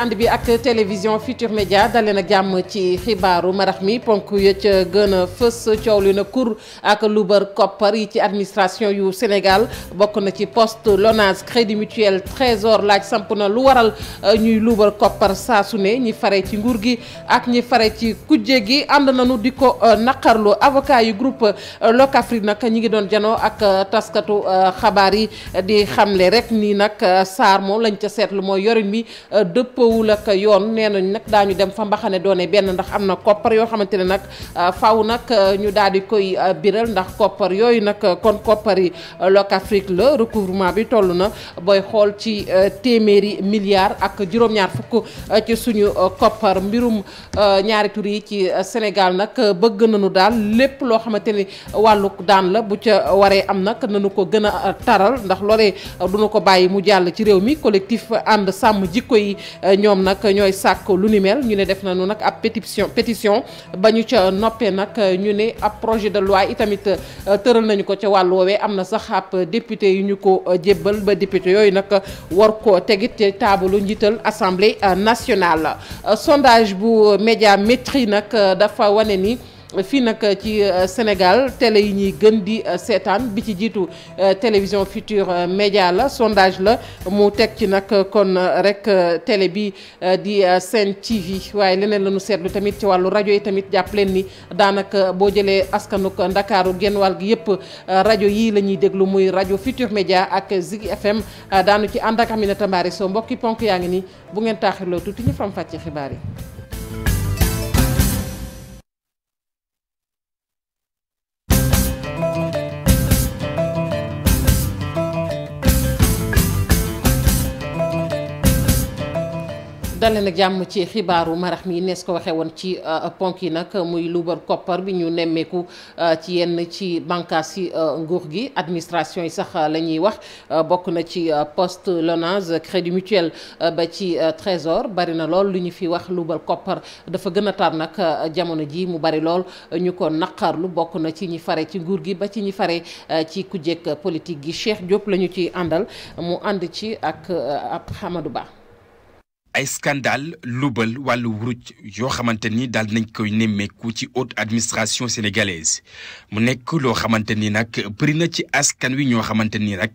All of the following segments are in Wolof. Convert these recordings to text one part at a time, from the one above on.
ànd bi ak télévision Futur Média dalee na jàmm ci xibaaru marax mi ponk ya ca gën a fës coow li na kur ak lubar koppar yi ci administration yu Sénégal bokk na ci post Lonase Crédit Mutuel Trésor laaj samp na lu waral euh, ñuy lubar koppar saa ne ñi fare ci nguur gi ak ñi fare ci kujje gi ànd nañu di ko euh, naqarlu avocat yu groupe euh, Locafrique nag ñi ngi doon janoo ak taskatu xabaar yi di xamle rek nii nag Sarr moom lañ ca seetlu mooy yorin bi dëppoo dëppoowul ak yoon nee ñu nag daañu dem fa mbaxane doone benn ndax am na koppar yoo xamante ne nag euh, faw nag euh, ñu daal di koy euh, biral ndax koppar yooyu nag kon koppar yi Locafrique la recouvrement bi toll na booy xool ci téeméeri milliards ak juróom-ñaar fukk ci suñu koppar mbirum ñaari tur yi ci Sénégal nag bëgg nañu daal lépp loo xamante ni wàllu daan la bu ca waree am nag nañu ko gën a taral ndax loolee duñu ko bàyyi mu jàll ci réew mi collectif ànd sàmm ñoom nag ñooy sàkk lu ni ñu ne def nañu nag ab pétition pétition ba ñu ca noppee nag ñu ne ab projet de loi itamit euh, tëral nañu ko ca wàll woowee am na sax ab député yu ñu ko euh, jébbal ba député yooyu nag war koo tegit ci taabalu njiital assemblée euh, nationale sondage bu média métri nag dafa wane ni fii nag euh, ci euh, Sénégal télé yi ñuy gën di euh, seetaan bi ci jiitu télévision Futurs Médias la sondage la mu teg ci nag kon rek télé bi di Sen TV waaye leneen la ñu seetlu tamit ci wàllu rajo yi tamit jàpp leen ni daanaka boo jëlee askanuk Ndakaaru genn wàll gi yëpp rajo yii la ñuy déglu muy rajo Futurs média ak Zik FM daanu ci ànd ak Aminata Mbari Sow mbokki ponk yaa ngi nii bu ngeen taaxirloo tuuti ñu fam fàcc xibaar yi. dalee jàmm ci xibaaru marax mi nees ko waxee woon ci euh, ponk yi nag muy luubal koppar bi ñu nemmeeku euh, ci yenn ci bànqaas yi euh, nguur gi administration yi sax la ñuy wax bokk na ci post Lonase crédit mutuel ba ci trésor bari na lool lu ñu fi wax luubal koppar dafa gën a tar nag jamono ji mu bari lool ñu ko naqarlu bokk na ci ñi fare ci nguur gi ba ci ñi fare ci kujjeek politique gi Cheikh Diop la ñu ci àndal mu ànd ci ak Amadou Ba ay scandale lubal wàllu wuruj yoo xamante ni daal nañ koy nemmeeku ci haute administration sénégalaise mu nekk loo xamante ni nag bëri na ci askan wi ñoo xamante ni nag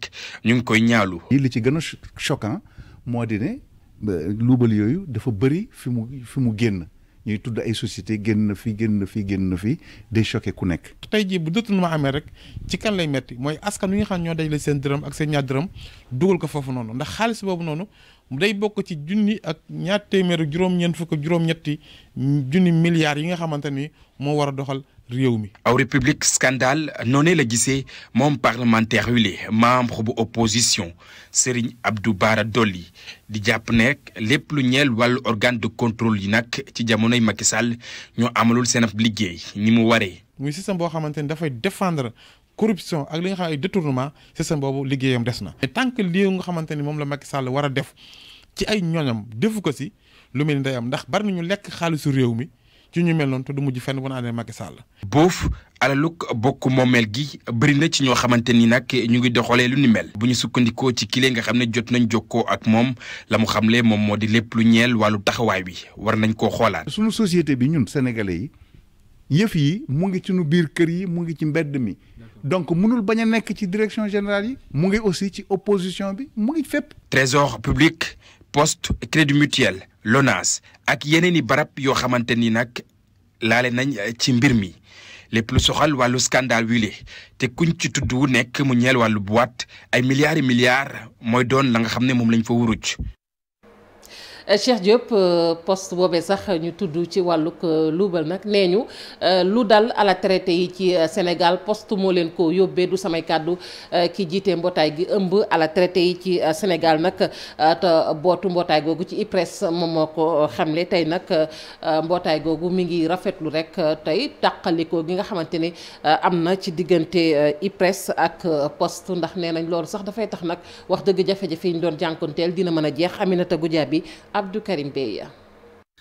ñu ngi koy ñaalu. li ci gën a choquant moo di ne euh, luubal yooyu dafa bëri fi mu fi mu génn. ñuy tudd ay société génn na fi génn na fi génn na fi day choqué ku nekk. tey jii bu ma amee rek ci kan lay metti mooy askan wi nga xam ñoo dajale seen dërëm ak seen ñaar dërëm dugal ko foofu noonu ndax xaalis boobu noonu mu day bokk ci junni ak ñaar téeméer juróom-ñeent fukk juróom-ñetti junni milliards yi nga xamante ni moo war a doxal. réew mi. aw république scandale noonee la gisee moom parlementaire wi li membre bu opposition Serigne Abdou Bara Dolly di jàpp nekk lépp lu ñeel wàllu organe de contrôle yi nag ci jamonoy Macky Sall ñoo amalul seen ab liggéey ni mu waree. muy système boo xamante ni dafay défendre. corruption ak li nga xam ay détournement système boobu liggéeyam des na. mais tant que lii nga xamante ni moom la Macky Sall war a def ci ay ñoñam defu ko si lu mel ni day ndax bari nañu lekk xaalisu réew mi. ci ñu mel noonu te du mujj fenn bu ñu àndee Macky Sall. boof alalug bokk moomeel gi bëri na ci ñoo xamante ni nag ñu ngi doxalee lu ni mel. bu ñu sukkandikoo ci kile nga xam ne jot nañ jokkoo ak moom la mu xam xamle moom moo di lépp lu ñeel wàllu taxawaay bi war nañ koo xoolaat. sunu société bi ñun sénégalais yi yëf yi mu ngi ci biir kër yi mu ngi ci mbedd mi. donc mënul bañ a nekk ci direction général yi. mu ngi aussi ci opposition bi mu ngi fépp. trésor poste crédit mutuel LONASE ak yeneen i barab yoo xamante ni nag laale nañ eh, ci mbir mi lépp lu soxal wàllu scandale wile te kuñ ci tudd wu nekk mu ñeel wàllu boîte ay milliards et mooy doon la nga xam ne moom lañ fa wuruj Euh, Cheikh Diop euh, post boobee sax ñu tudd ci wàllug euh, luubal nag nee ñu lu dal à la yi ci Sénégal post moo leen ko yóbbee du samay kàddu ki jiitee mbootaay gi ëmb à traité yi ci Sénégal nag bootu mbootaay googu ci IPRES moom moo ko xamle tey nag mbootaay googu mi ngi rafetlu rek tey tàqalikoo gi nga xamante ni am na ci diggante IPRES ak poste ndax nee nañ loolu sax dafay tax nag wax dëgg jafe-jafe yi ñu doon jànkonteel dina mën a jeex Aminata Goudia bi Abdou Karim Beya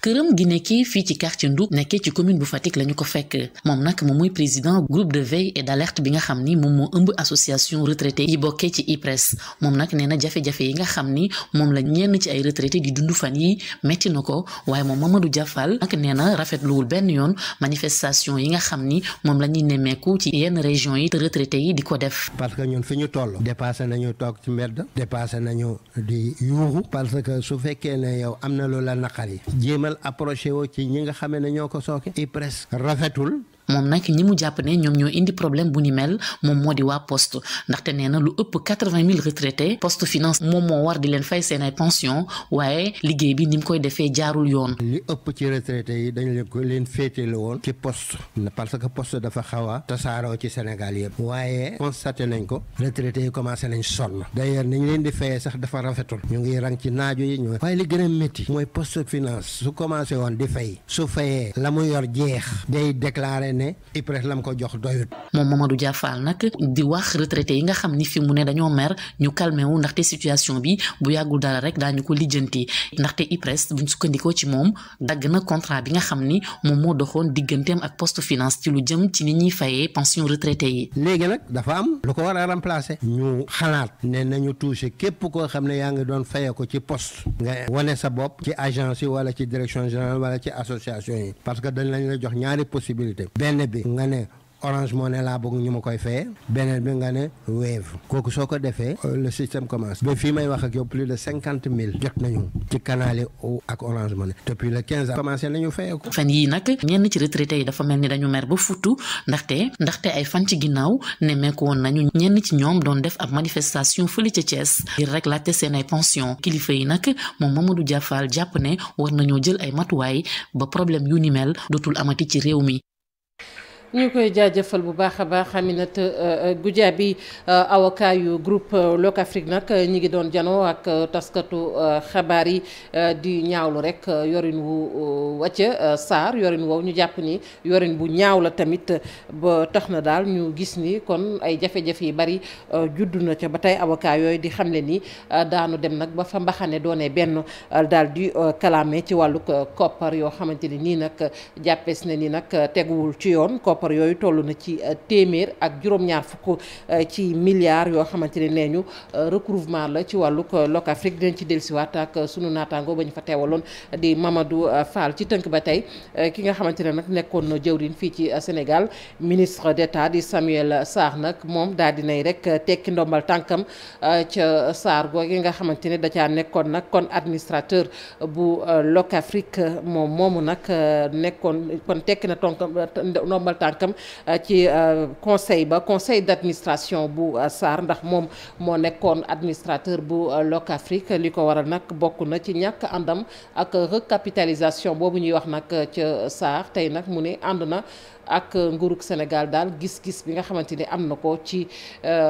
këram gi nekkee fii ci quartier Ndoup nekkee ci commune bu Fatick la ñu ko fekk moom nag moom muy président groupe de veille et d'alerte bi nga xam ni moom moo ëmb association retraité yi bokkee ci IPRES moom nag nee na jafe yi nga xam ni moom la ñenn ci ay retraité di dund fan yi metti na ko waaye moom Mamadou Diafal nag nee na rafetluwul benn yoon manifestation yi nga xam ni moom la ne nemmeeku ci yenn région yi te retraité yi di ko def. parce que ñun fi ñu toll dépasé nañu toog ci mbedd dépassé nañu di yuuxu parce que su fekkee ne yow am na loola naqari jéemal approché woo ci ñi nga xamee ne ñoo ko i IPRES rafetul moom nag ñi mu jàpp ne ñoom ñoo indi problème bu ni mel moom moo di waa poste ndaxte nee na lu ëpp quatre-vingt mille retraités poste finance moom moo war di leen fay seen ay pension waaye liggéey bi koy defee jaarul yoon. li ëpp ci retraités yi dañ leen ko leen féetale woon ci poste parce que poste dafa xaw a tasaaroo ci Sénégal yëpp waaye constaté nañ ko retraités yi commencé nañ sonn d'ailleurs nañ leen di fayee sax dafa rafetul ñu ngi rang ci naajo yi ñu waaye li gën a métti mooy poste finance su commencé woon di fay su fayee la mu yor jeex day déclaré ne IPRES lam ko jox doyut. moom Mamadou Dia Fall nag di wax retraité yi nga xam ni fi mu ne dañoo mer ñu calmé wu ndaxte situation bi bu yàggul dara rek ñu ko lijjanti ndaxte IPRES buñ sukkandikoo ci moom dagg na contrat bi nga xam ni moom moo doxoon digganteem ak post finance ci lu jëm ci ni ñuy fayee pension retraité yi. léegi nag dafa am lu ko war a remplacer. ñu xalaat ne nañu touché képp koo xam ne yaa ngi doon fayee ko ci post nga sa bopp ci agence wala ci direction générale wala ci association yi parce que dañ lañ la jox ñaari possibilité benn bi nga ne Orange Money laa bëgg ñu ma koy fayee beneen bi nga ne Wave kooku soo ko defee euh, le système commence ba fi may wax ak yow plus de cinquante mille jot nañu ci canal yi ak Orange Money depuis le quinze ans commencé nañu fayee ko. fan yii nag ñenn ci retraités yi dafa mel ni dañu mer ba futtu ndaxte ndaxte ay fan ci ginnaaw nemmeeku woon nañu ñenn ci ñoom doon def ab manifestation fële ca Thiès ngir rek laajte seen ay pension kilifa yi nag moom Mamadou Diafal jàpp ne war nañoo jël ay matuwaay ba problème yu ni mel dootul amati ci réew mi. ñu koy jaajëfal bu baax a baax Aminata euh, euh, Goudiaby euh, avocat yu groupe Locafrique nag ñi ngi doon janoo ak taskatu xabaar yi di ñaawlu rek yorin wu wàcce saar yorin woow ñu jàpp ni yorin bu ñaaw la tamit ba tax na daal ñu gis ni kon ay jafe-jafe yi bari juddu na ca ba tey avocat yooyu di xamle ni daanu dem nag ba fa mbaxane doone benn daal di kalaame ci wàllug koppar yoo xamante ni nii nag jàppees na ni nag teguwul ci yoon koppar koppar yooyu toll na ci euh, téeméer ak juróom-ñaar fukk euh, ci milliards yoo xamante ne nee ñu euh, recouvrement la ci wàllu wàllug Locafrique dinañ ci dellusiwaat ak sunu naataango ba ñu fa teewaloon di Mamadou Fall ci tënk ba tey ki nga xamante ne nag nekkoon na jëwriñ fii ci Sénégal ministre d'État di Samuel Sarr nag moom daal nay rek tekki ndombal tànkam ca Sarr googu nga xamante ne da caa nekkoon nag kon administrateur bu Locafrique moom moomu nag nekkoon kon tekki jaar tam euh, ci euh, conseil ba conseil d'administration bu euh, SAR ndax moom moo nekkoon administrateur bu Locafrique li ko waral nag bokk na ci ñàkk àndam ak capitalisation boobu ñuy wax nag ca SAR tey nag mu ne ànd na ak nguurug Sénégal daal gis-gis bi nga xamante ni am na ko ci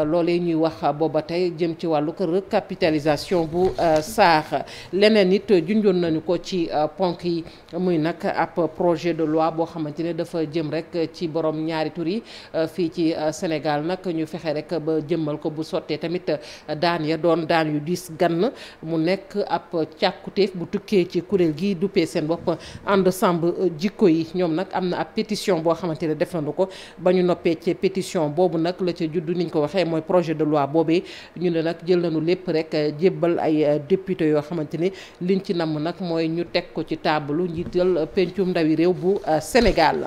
loolee ñuy wax booba tey jëm ci wàllu ko capitalisation bu SAR leneen it junjoon nañu ko ci ponk yi muy nag ab projet de loi boo xamante dafa jëm rek boroom ñaari tur yi euh, fii ci euh, Sénégal nag ñu fexe rek ba jëmmal ko bu sottee tamit euh, daan ya doon daan yu diis gann mu nekk ab càkkutéef bu tukkee ci kuréel gi duppee seen bopp ànd samb jikko yi ñoom nag am na ab pétition boo xamante ne def nañu ko ba ñu noppee ci pétition boobu nag la ca juddu niñ ko waxee mooy projet de loi boobee ñu ne nag jël nañu lépp rek jébbal ay député yoo xamante ni liñ ci namm nag mooy ñu teg ko ci taabalu njiital pencum ndawi réew bu Sénégal.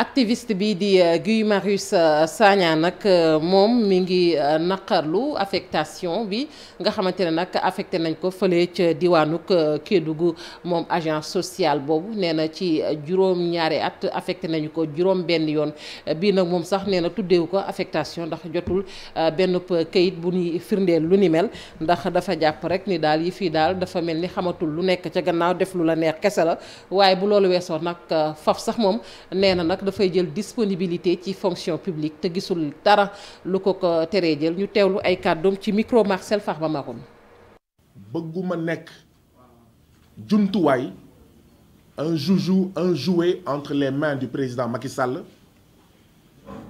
activiste bi di euh, Guy Marius euh, Sagna nag euh, moom mi ngi naqarlu affectation bi nga xamante ne nag affecté nañ ko fële ca diwaanuk Kédougou moom agent social boobu nee na ci juróom-ñaari at affecté nañu ko juróom-benn yoon bii nag moom sax nee na tuddeewu ko affectation ndax jotul benn këyit bu nuy firndeel lu ni mel ndax dafa jàpp rek ni daal yi fii daal dafa mel ni xamatul lu nekk ca gannaaw def lu la neex kese la waaye bu loolu weesoo nag faf sax moom nee na nag. dafay jël disponibilité ci fonction publique te gisul dara lu ko ko teree jël ñu teewlu ay kàddoom ci micro Marcel ma Maroun bëgguma nekk jumtuwaay un joujou un jouet entre les mains du président Macky sàll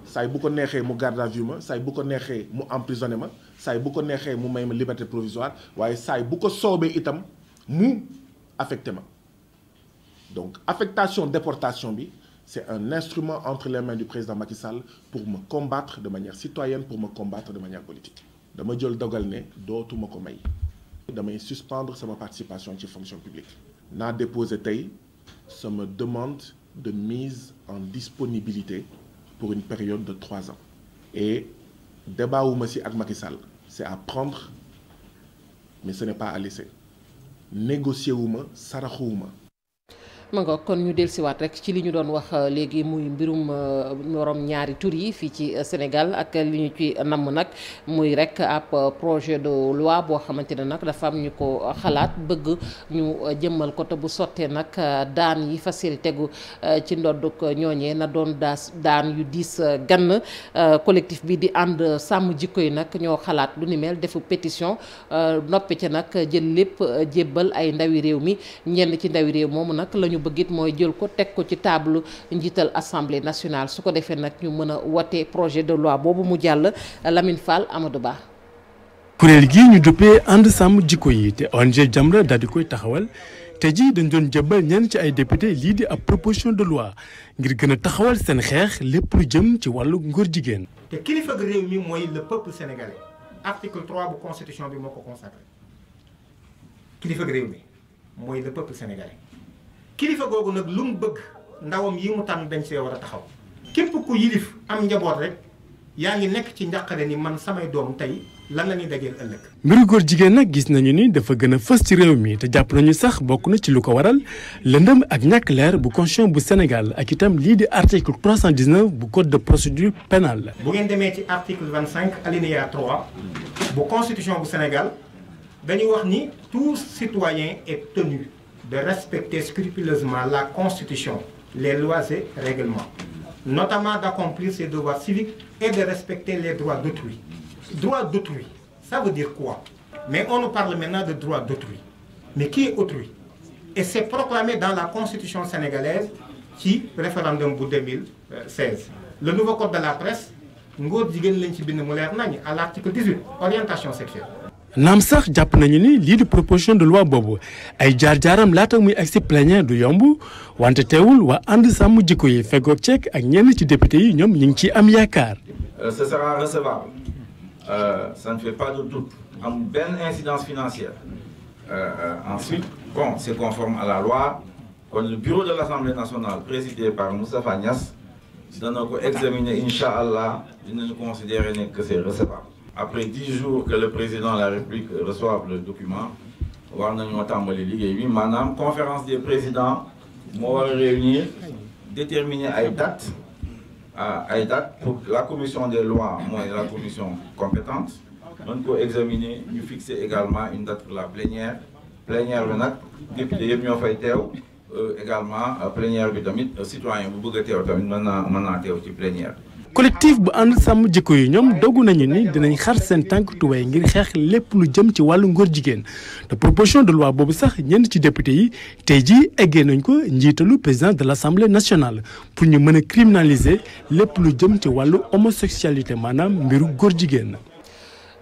saay bu ko neexee mu garde à vue ma saay bu ko neexee mu emprisonné ma saay bu ko neexee mu may ma liberté provisoire waaye saay bu ko soobee itam mu affecté ma donc affectation déportation bi c'est un instrument entre les mains du président Macky Sall pour me combattre de manière citoyenne pour me combattre de manière politique dama jël dogal ne dootuma ko may damay suspendre sama participation ci fonction publique naa déposé tey sama demande de mise en disponibilité pour une période de trois ans et débat wu ma si ak Macky Sall c'est à prendre mais ce n'est pas à laisser négocier wu ma saraxuwu ma ma nga kon ñu dellusiwaat rek ci li ñu doon wax euh, léegi muy mbirum euh, morom ñaari tur yi fii ci euh, Sénégal ak li ñu ci namm nag muy rek ab projet de loi boo xamante ne nag dafa am ñu ko xalaat bëgg ñu jëmmal ko bu sottee nag daan yi facile tegu ci ndodduk ñooñee na doon daas daan yu diis gann collectif bi di ànd sàmm jikko yi nag ñoo xalaat du ni mel defu pétition noppi ca nag jël lépp jébbal ay ndawi réew mi ñenn ci ndawi réew moomu nag lañu bëgg mooy jël ko teg ko ci table njiital assemblée nationale su ko defee nag ñu mën a wote projet de loi boobu mu jàll Lamine Fall Amadou Ba. kuréel gi ñu duppee ànd sàmm jikko yi te ONG jamb daal di koy taxawal te ji dañ doon jëbal ñenn ci ay député lii di ab proposition de loi ngir gën a taxawal seen xeex lépp lu jëm ci wàllu ngóor jigéen. te kilifa gi réew mi mooy le peuple sénégalais article 3 bi moo ko mi mooy le kilifa googu nag lu mu bëgg ndawam yi mu tànn dañ see war a taxaw képp ku yilif am njaboot rek yaa ngi nekk ci njàqare ni man samay doom tey lan la ñuy dajeel ëllëg. mbiru góor jigéen nag gis nañu ni dafa gën a fës ci réew mi te jàpp nañu sax bokk na ci lu ko waral lëndëm ak ñàkk leer bu constitution bu Sénégal ak itam lii di article bu code de procédure pénale bu ngeen demee ci article 25 alinéa 3 bu constitution bu Sénégal dañuy wax ni tout citoyen est de respecter scrupuleusement la Constitution, les lois et règlements, notamment d'accomplir ses devoirs civiques et de respecter les droits d'autrui. Droits d'autrui, ça veut dire quoi Mais on nous parle maintenant de droits d'autrui. Mais qui est autrui Et c'est proclamé dans la Constitution sénégalaise ci référendum bu 2016. Le nouveau code de la presse, Ngor Jigen lañ ci bind mu leer à l'article 18, orientation sexuelle. naam sax jàpp nañu ni lii di proposition de loi boobu ay jaar-jaaram laata muy agsi plénière du yomb wante teewul waa ànd sàmm jikko yi feggoog cek ak ñenn ci député yi ñoom ñu ngi ciy am yaakaar. Euh, ce sera recevable euh, ça ne fait pas de doute am benn incidence financière euh, euh, ensuite bon c'est conforme à la loi kon le bureau de l'Assemblée nationale présidé par Moustapha Niass dana ko examiner incha allah dinañu considérer ne que c'est recevable. après dix jours que le président de la République reçoive le document war nañoo tàmbali liggéey bi maanaam conférence des présidents moo war a réunir déterminer ay dates ah, ay dates pour la commission des lois mooy la commission compétente mën ko examiner ñu fixer également une date pour la plénière plénière bi nag député yëpp ñoo fay teew euh, également euh, plénière bi tamit euh, citoyen bu bëgg a teew tamit mën naa mën naa teew ci plénière collectif bu ànd sàmm jikko yi ñoom dogg nañu ni dinañ xar seen tànk tuwaay ngir xeex lépp lu jëm ci wàllu ngóor jigéen te proposition de loi boobu sax ñenn ci député yi tey jii eggee nañ ko njiitalu président de l' assemblée nationale pour ñu mën a criminaliser lépp lu jëm ci wàllu homosexualité maanaam mbiru góor jigéen.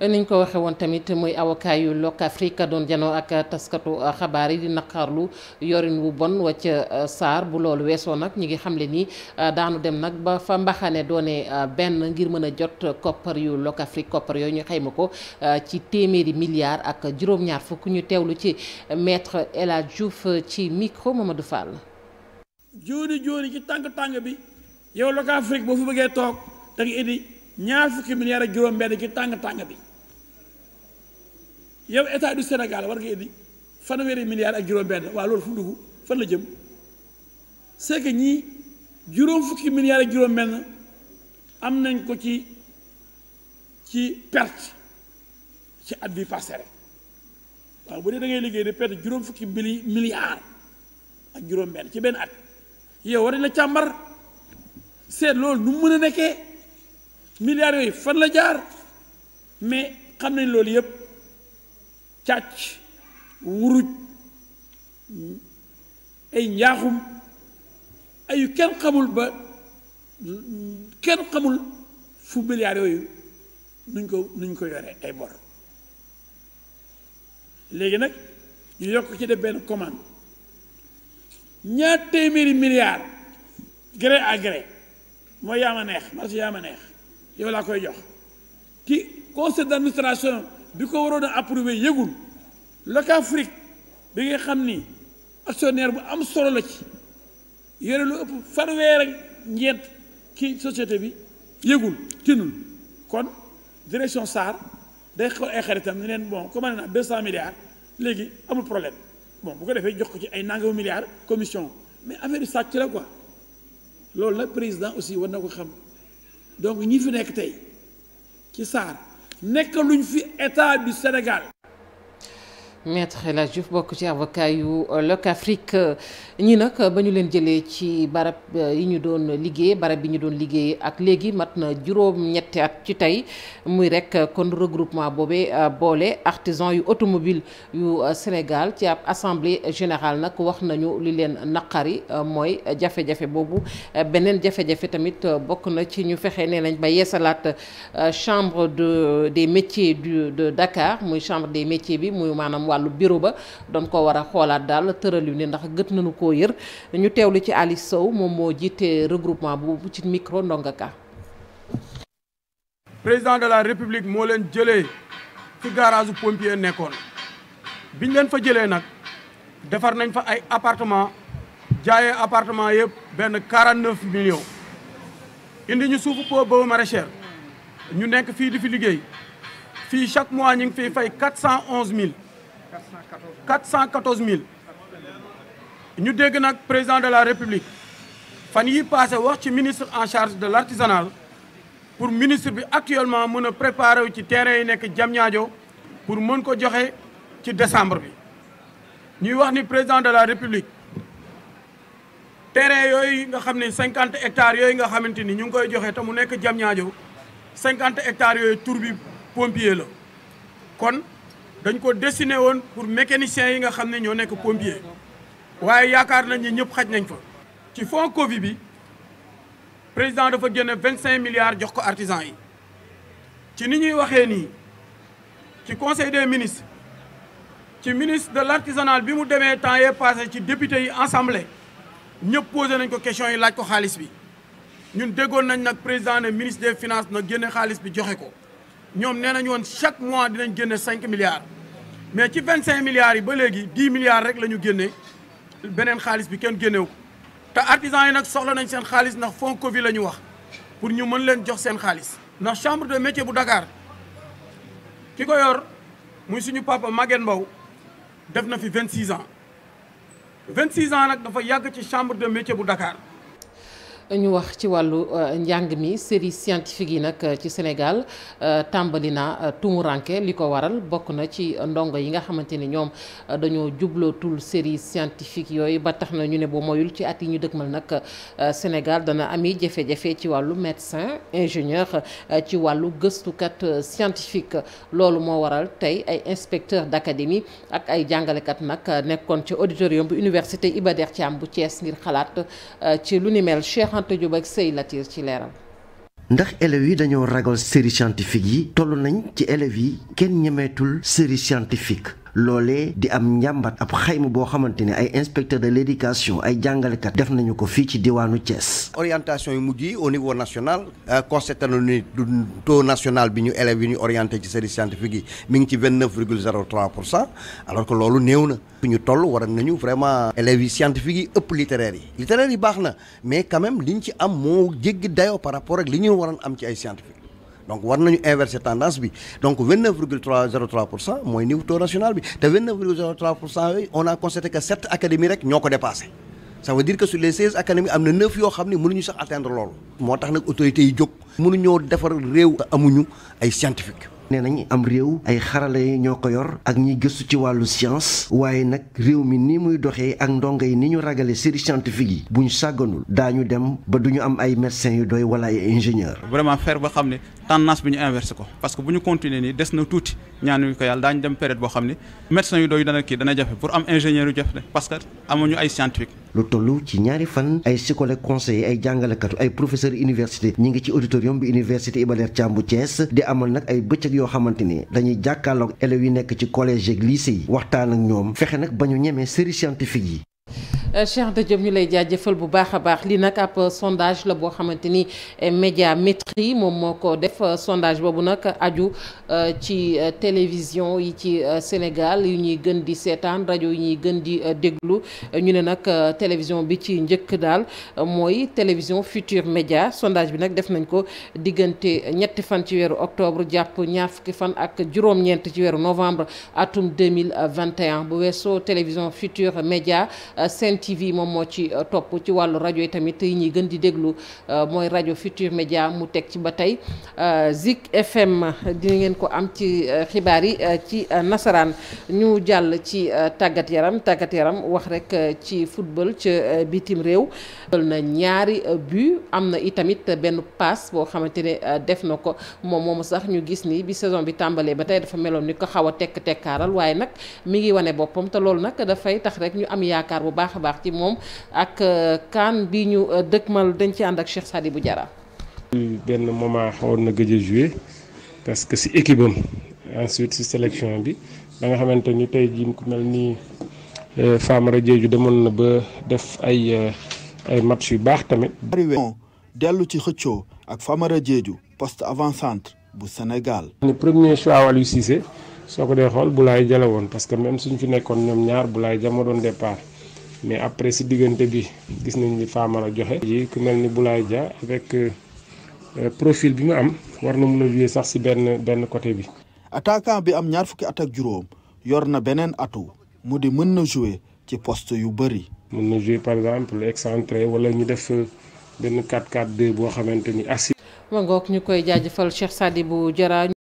niñ ko waxee woon tamit muy avocat yu Locafrique doon janoo ak taskatu xabaar yi di naqarlu yorin wu bon wacc euh, saar bu loolu weesoo nag ñi ngi xamle ni euh, daanu dem nag ba fa mbaxane doone euh, benn ngir mën a jot koppar yu Locafrique koppar yooyu ñu xayma ko ci téeméeri milliards ak juróom-ñaar fukk ñu teewlu ci maître El Hadj Diouf ci micro Mamadou Fall. jooni jooni ci tàng tàng bi yow Locafrique boo fi bëggee toog da nga indi ñaar fukki milliards ak juróom bi. yow état du Sénégal war nga indi fanweeri milliards ak juróom-benn waaw loolu fu mu fan la jëm c'est que ñii juróom fukki milliards ak juróom-benn am nañ ko ci ci perte ci at bi passé rek bu dee da ngay liggéey di perte juróom fukki ak juróom-benn ci benn at yow war la càmbar seet loolu nu mën a nekkee milliards yooyu fan la jaar mais xam nañ loolu yëpp. càcc wuruj ay njaaxum ay yu kenn xamul ba kenn xamul fu milliards yooyu nuñ ko nuñ ko yore ay bor léegi nag ñu yokk ci def benn commande ñaar téeméeri milliards gré à gré mooy yaa ma neex marché yaa ma neex yow laa koy jox ci conseil d'administration bi ko waroon a approuvé yëgul Locafrique bi nga xam ni actionnaire bu am solo la ci yore lu ëpp fanweer ak ñeent ci société bi yëgul tinul kon direction SAR day xool ay xaritam ne leen bon commandé naa deux cent milliards léegi amul problème bon bu ko defee jox ko ci ay nangamu milliards commission mais affaire yu sàcc la quoi loolu la président aussi war na ko xam donc ñi fi nekk tey ci SAR nekkaluñ fi état bi Sénégal maître El Hadj Diouf bokk ci avocat yu Locafrique euh, ñi nag ba ñu leen jëlee ci barab euh, yi ñu doon liggéeyee barab bi ñu doon liggéey ak léegi mat na juróom-ñetti at ci tey muy rek kon regroupement boobee euh, boole artisan yu automobile yu Sénégal ci ab assemblée générale nag wax nañu li leen naqari mooy jafe-jafe boobu beneen jafe-jafe tamit bokk na ci ñu fexe nee nañ ba yeesalaat chambre de des métiers du de Dakar muy chambre des métiers bi muy maanaam wàllu bureau ba doon ko war a xoolaat daal tëral yu ne ndax gët nañu ko yër ñu teewlu ci Ali Sow moom moo jiite regroupement bu ci micro ndonga ka président de la république moo leen jëlee fi garage pompier nekkoon biñ leen fa jëlee nag defar nañ fa ay appartement jaayee appartement yëpp benn 49 millions indi ñu suufu po boobu maraîchère ñu nekk fii di fi liggéey fii chaque mois ñu ngi fiy fay 411 mille 414 000 ñu dégg nag président de la république fan yi passé wax ci ministre en charge de l'artisanal pour ministre bi actuellement mën a préparer wu ci terrain yi nekk jam Diamniadio pour mën ko joxe ci décembre bi ñuy wax ni président de la république terrain yooyu nga xam ne cinquante hectares yooyu nga xamante ni ñu ngi koy joxe te mu nekk Diamniadio cinquante hectares yooyu tur bi pompier la kon dañ ko destiné woon pour mécaniciens yi nga xam ne ñoo nekk pompier waaye yaakaar nañ ni ñëpp xaj nañ fa. ci fonds Covid bi président dafa génne vingt cinq milliards jox ko artisan yi ci ni ñuy waxee nii ci conseil des ministres ci ministre de l' artisanal bi mu demee temps yee passé ci député yi assemblée ñëpp posé nañ ko question yi laaj ko xaalis bi ñun déggoon nañ nag président ne ministre des finances na génne xaalis bi joxe ko. ñoom nee nañu woon chaque mois dinañ génne cinq milliards mais ci vingt cinq milliards yi ba léegi dix milliards rek lañu génne beneen xaalis bi kenn génnewu ko te artisans yi nag soxla nañ seen xaalis ndax fonds Covid la ñu wax pour ñu mën leen jox seen xaalis ndax chambre de métier bu Dakar ki ko yor muy suñu papa Maguette mbaw def na fi vingt six ans vingt six ans nag dafa yàgg ci chambre de métier bu Dakar ñu wax ci wàllu euh, njàng mi série scientifique yi nag euh, ci Sénégal euh, tàmbali na tumuranke li ko waral bokk na ci ndongo yi nga xamante ni ñoom dañoo jublootul série scientifique yooyu ba tax na ñu ne boo moyul ci at yi ñu dëgmal nag Sénégal dana ami jafe-jafe ci wàllu médecin ingénieur ci wàllu gëstukat scientifique loolu moo waral tey ay inspecteur d'académie ak ay jàngalekat nag nekkoon ci auditorium bu université Iba Der Thiam bu Thiès ngir xalaat ci lu ni Anta Diop ak Sey ci leeral. ndax élèves yi dañoo ragal série scientifique yi toll nañ ci élèves yi kenn ñemeetul série scientifique loolee di am njàmbat ab xayma boo xamante ne ay inspecteur de l'éducation ay jàngalekat def nañu ko fii ci diwaanu Thiès. orientation yu mujj yi au niveau national euh, constaté nañu ni taux national bi ñu élèves yi ñu orienté ci service scientifique yi mi ngi ci vingt neuf virgule zéro trois pour cent alors que loolu néew na fi ñu toll war nañu vraiment élèves yi scientifique yi ëpp littéraire yi littéraire yi baax na mais quand même liñ ci am moo jéggi dayoo par rapport ak li ñu waroon am ci ay scientifique donc war nañu inverser tendance bi donc 29,303 pour cent mooy niveau taux national bi te 29,03 pour cent yooyu on a constaté que sept académies rek ñoo ko dépassé ça veut dire que sur les 16 académies am na neuf yoo xam ne mënuñu sax atteindre loolu. moo tax nag autorités yi jóg. mënuñoo defar réew. amuñu ay scientifique. nee nañ am réew ay xarala yi ñoo ko yor ak ñi gëstu ci wàllu science waaye nag réew mi ni muy doxee ak ndongo yi ni ñu ragale série scientifique yi bu ñu sàgganul daañu dem ba duñu am ay médecins yu doy wala ay ingénieurs. vraiment faire ba xam ne tendance bi ñu inversé ko parce que bu ñu continuer nii des na tuuti ñaanuñu ko yàlla daañu dem période boo xam ne médecins yu doy dana kii dana jafe pour am ingénieur yu jafe parce que amuñu ay scientifique. lu toll ci ñaari fan ay psychologue conseil ay jàngalekatu ay professeur université ñi ngi ci auditorium bi université Iba Der Thiam bu Thiès di amal nag ay bëccëg yoo xamante ni dañuy jàkkaarloog élèves yi nekk ci collège ak lycée yi waxtaan ak ñoom fexe nag ba ñu ñemee série scientifique yi. Euh, Cheikh Anta Diop ñu lay jaajëfal bu baax a baax lii nag ab sondage la boo xamante ni eh, Médiamétrie moom moo ko def euh, sondage boobu nag aju euh, ci télévision yi ci Sénégal yu ñuy gën di seetaan rajo yu ñuy gën di déglu ñu ne nag télévision bi ci njëkk daal mooy télévision Futur Média sondage bi nag def nañ ko diggante ñetti fan ci weeru octobre jàpp ñaar fukki fan ak juróom-ñeent ci weeru novembre atum 2021 bu weesoo télévision Futur Média seen Sen TV moom moo ci euh, topp ci wàllu rajo yi tamit yi ñuy gën di déglu euh, mooy rajo Futur Média mu teg ci ba tey euh, Zik FM dina ngeen ko am ci xibaar yi ci nasaraan ñu jàll ci tàggat yaram tàggat yaram wax rek ci football ca bitim réew. jël na ñaari bu am na itamit benn passe boo xamante ne def na ko moom moomu sax ñu gis ni bi saison bi tàmbalee ba tey dafa meloon ni ko xaw a tekk tekkaaral waaye nag mi ngi wane boppam te loolu nag dafay tax rek ñu am yaakaar baax ci moom ak euh, kaan bi ñu euh, dëkkmal dañ ci ànd ak Cheikh bu Diarra. benn moment xawoon na gëj a parce que si équipe am ensuite si sélection bi da nga xamante ni tey jii ku mel ni euh, Famara Diédhiou demoon na ba def ay ay match yu baax tamit. dellu ci xëccoo ak Famara Diédhiou poste avant centre bu Sénégal. ni premier choix Aliou Cissé soo ko dee xool Boulaye Dia la woon parce que même suñ fi nekkoon ñoom ñaar bu Dia moo doon départ. mais après ci diggante bi gis nañ ni a joxe. yi ku mel ni Boulaye Dia avec euh, profil bi mu am war na mun a jouer sax si benn benn côté bi. attaquant bi am ñaar fukki at ak juróom yor na beneen atu mu di mën na jouer ci poste yu bëri. mën na jouer par exemple excentré wala ñu def euh, benn 4-4-2 boo xamante ni assi. ma ngoog ñu koy jaajëfal Cheikh Sadibou Diarra.